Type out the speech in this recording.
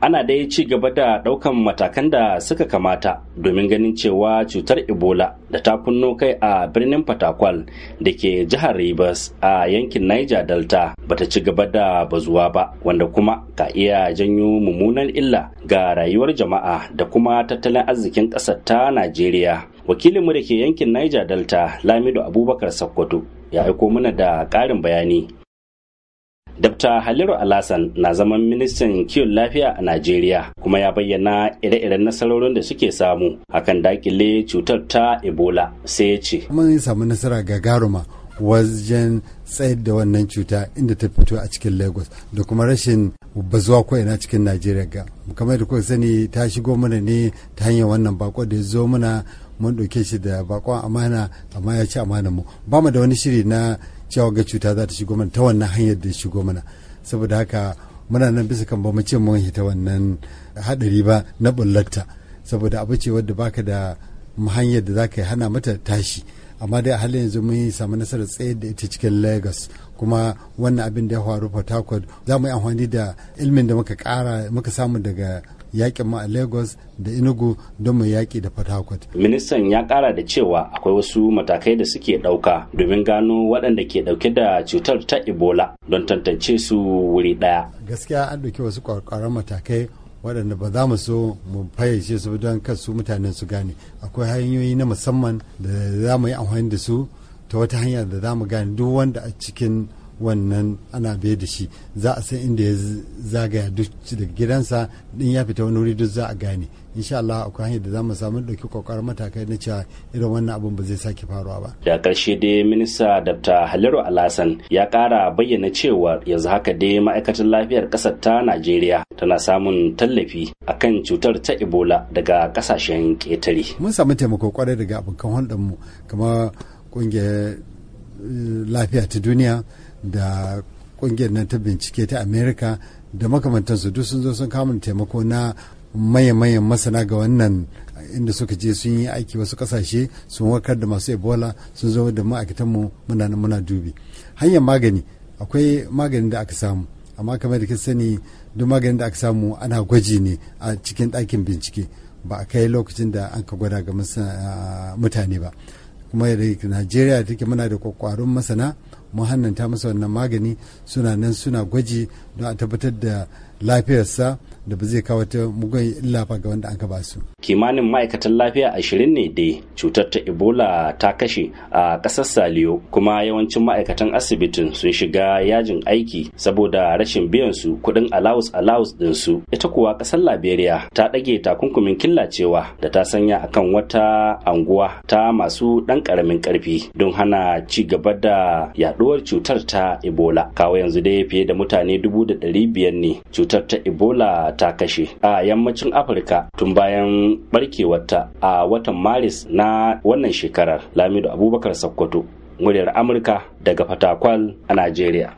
ana dai ci gaba da ɗaukan matakan da suka kamata domin ganin cewa cutar ebola da ta kunno kai a birnin fatakwal da ke jihar rivers a yankin niger delta bata ci gaba da bazuwa ba wanda kuma ka iya janyo mummunan illa ga rayuwar jama'a da kuma tattalin arzikin ƙasar ta najeriya wakilinmu da ke yankin niger delta lamido abubakar sakkwato ya aiko mana da ƙarin bayani Dr. Haliru Alasan na zaman ministan kiwon lafiya a Najeriya kuma ya bayyana ire-iren nasarorin da suke samu hakan dakile cutar ta Ebola sai ya ce. Mun samu nasara gagaruma wajen tsayar da wannan cuta inda ta fito a cikin Lagos da kuma rashin bazuwa ko ina cikin Najeriya ga. Kamar da kuka sani ta shigo mana ne ta hanyar wannan bako da ya zo mana mun ɗauke shi da bakon amana amma ya ci amana mu. Ba mu da wani shiri na cewa ga cuta za ta shigo mana ta wannan hanyar da shigo mana saboda haka muna nan bisa kan ba mu ce mun hita wannan hadari ba na bullatta saboda abu ce wadda baka da hanyar da zaka hana mata tashi amma dai a halin yanzu mun samu nasarar tsaye da ita cikin lagos kuma wannan abin da ya faru port harcourt za mu yi amfani da ilmin da muka kara muka samu daga yakin ma a lagos da inugu don mu yaki da port ministan ya kara da cewa akwai wasu matakai da suke ɗauka domin gano waɗanda ke ɗauke da cutar ta ebola don tantance su wuri ɗaya gaskiya an ɗauki wasu ƙwarƙwaran matakai waɗanda ba za mu so mu fayyace su don kan su mutanen su gane akwai hanyoyi na musamman da za mu yi amfani da su ta wata hanya da za mu gane duk wanda a cikin wannan ana biye da shi za a san inda ya zagaya duk daga gidansa din ya fita wani wuri duk za a gane insha Allah akwai hanyar da za mu samu dauki kokarin matakai na cewa irin wannan abun ba zai sake faruwa ba. Da karshe dai minista Dr. Haliru Alhassan ya kara bayyana cewa yanzu haka dai ma'aikatan lafiyar ƙasar ta Najeriya tana samun tallafi akan cutar ta Ebola daga kasashen ƙetare. Mun samu taimako kwarai daga abokan hulɗarmu kamar kungiyar eh, lafiya ta duniya da kungiyar nan ta bincike ta amerika da makamantansu duk sun zo sun kamun taimako na maye-mayen masana ga wannan inda suka je sun yi aiki wasu kasashe sun warkar da masu ebola sun zo da ma'aikatanmu muna muna dubi hanyar magani akwai maganin da aka samu amma kamar da ka sani duk maganin da aka samu ana gwaji ne a cikin ɗakin bincike ba a kai lokacin da an ka gwada ga mutane ba kuma da najeriya take muna da kwakwarun masana mu hannanta masa wannan magani suna nan suna gwaji don a tabbatar da lafiyarsa da ba zai kawo ta mugun illa ba ga wanda an ba su. Kimanin ma'aikatan lafiya ashirin ne dai cutar ta Ebola ta kashe a ƙasar Saliyo kuma yawancin ma'aikatan asibitin sun shiga yajin aiki saboda rashin biyan su kuɗin alawus alawus ɗin su. Ita kuwa ƙasar Liberia ta ɗage takunkumin killacewa da ta sanya akan wata anguwa ta masu ɗan ƙaramin ƙarfi don hana ci gaba da yaɗuwar cutar ta Ebola. Kawo yanzu dai fiye da mutane dubu da ɗari biyar ne cutar ta ebola ta kashe a yammacin afirka tun bayan barkewarta a watan maris na wannan shekarar lamido abubakar sakkwato muryar amurka daga fatakwal a najeriya